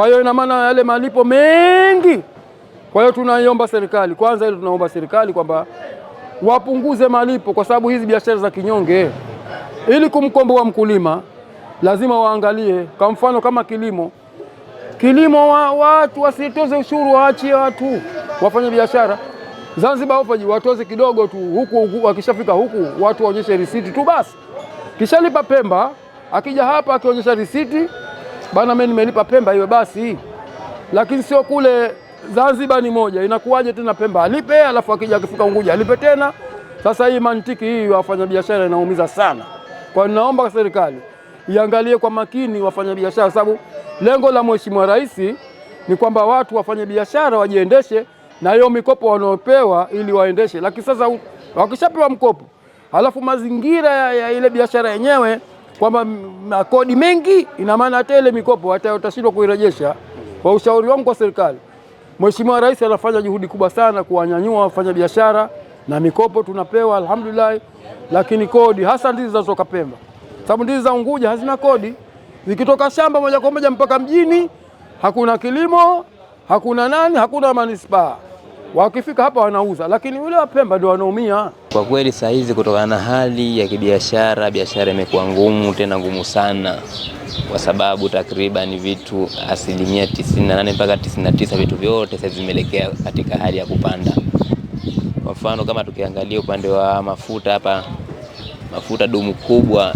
Kwa hiyo ina maana yale malipo mengi. Kwa hiyo tunaiomba serikali kwanza, hilo tunaomba serikali kwamba wapunguze malipo, kwa sababu hizi biashara za kinyonge, ili kumkomboa mkulima lazima waangalie. Kwa mfano kama kilimo, kilimo wa watu wasitoze ushuru, waachie watu wafanye biashara. Zanzibar hopaji watoze kidogo tu huku, huku wakishafika huku watu waonyeshe risiti tu basi, kishalipa Pemba akija hapa akionyesha risiti bana, mimi nimelipa Pemba iwe basi, lakini sio kule Zanzibar ni moja, inakuwaje tena Pemba alipe, alafu akija akifika Unguja alipe tena? Sasa hii mantiki hii wafanyabiashara inaumiza sana. Kwa hiyo naomba serikali iangalie kwa makini wafanyabiashara, sababu lengo la Mheshimiwa Rais ni kwamba watu wafanye biashara wajiendeshe na hiyo mikopo wanaopewa ili waendeshe, lakini sasa wakishapewa mkopo halafu mazingira ya ile biashara yenyewe kwamba makodi mengi, ina maana hata ile mikopo hata utashindwa kuirejesha. Kwa ushauri wangu kwa serikali, Mheshimiwa Rais anafanya juhudi kubwa sana kuwanyanyua wafanyabiashara na mikopo tunapewa alhamdulillah, lakini kodi hasa ndizi zinazotoka Pemba, sababu ndizi za Unguja hazina kodi, zikitoka shamba moja kwa moja mpaka mjini, hakuna kilimo, hakuna nani, hakuna manispaa wakifika hapa wanauza, lakini yule wa Pemba ndio wanaumia kwa kweli. Saa hizi kutokana na hali ya kibiashara, biashara imekuwa ngumu, tena ngumu sana, kwa sababu takriban vitu asilimia 98 mpaka 99 vitu vyote sasa vimeelekea katika hali ya kupanda. Kwa mfano kama tukiangalia upande wa mafuta hapa, mafuta dumu kubwa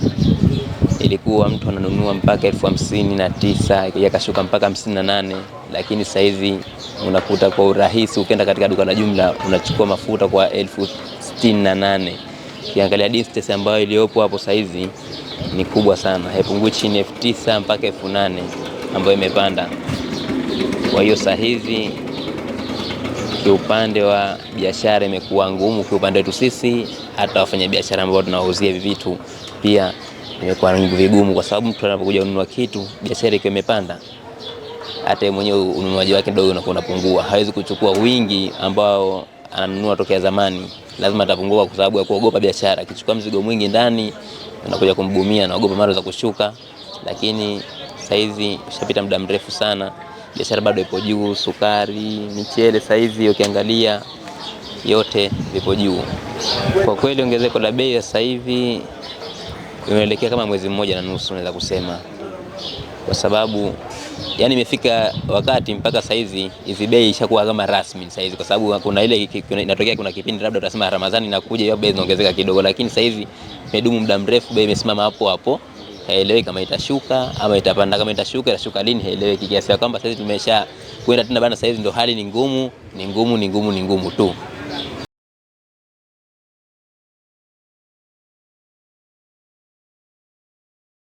ilikuwa mtu ananunua mpaka elfu hamsini na tisa yakashuka mpaka hamsini na nane lakini sasa unakuta kwa urahisi, ukienda katika duka la jumla unachukua mafuta kwa elfu sitini na nane Ukiangalia distance ambayo iliyopo hapo sasa ni kubwa sana, haipungui chini elfu tisa mpaka elfu nane ambayo imepanda. Kwa hiyo sasa kiupande wa biashara imekuwa ngumu, kiupande wetu sisi, hata wafanyabiashara ambao tunawauzia hivi vitu pia imekuwa ni vigumu, kwa sababu mtu anapokuja kununua kitu, biashara ikiwa imepanda, hata mwenyewe ununuaji wake kidogo unakuwa unapungua. Hawezi kuchukua wingi ambao ananunua tokea zamani, lazima atapungua kwa sababu ya kuogopa biashara. Akichukua mzigo mwingi ndani, unakuja kumgumia, anaogopa mara za kushuka. Lakini sasa hivi ushapita muda mrefu sana, biashara bado ipo juu. Sukari, michele, sasa hivi ukiangalia yote vipo juu. Kwa kweli ongezeko la bei sasa hivi imeelekea kama mwezi mmoja na nusu naweza kusema, kwa sababu yani imefika wakati mpaka saizi hizi bei ishakuwa kama rasmi saizi, kwa sababu kuna ile inatokea, kuna kipindi labda utasema Ramadhani inakuja hiyo bei zinaongezeka kidogo, lakini saizi imedumu muda mrefu, bei imesimama hapo hapo, haielewi kama itashuka ama itapanda. Kama itashuka itashuka lini haieleweki, kiasi kwamba saizi tumesha kwenda tena bana, saizi ndo hali ni ngumu, ni ngumu, ni ngumu, ni ngumu tu.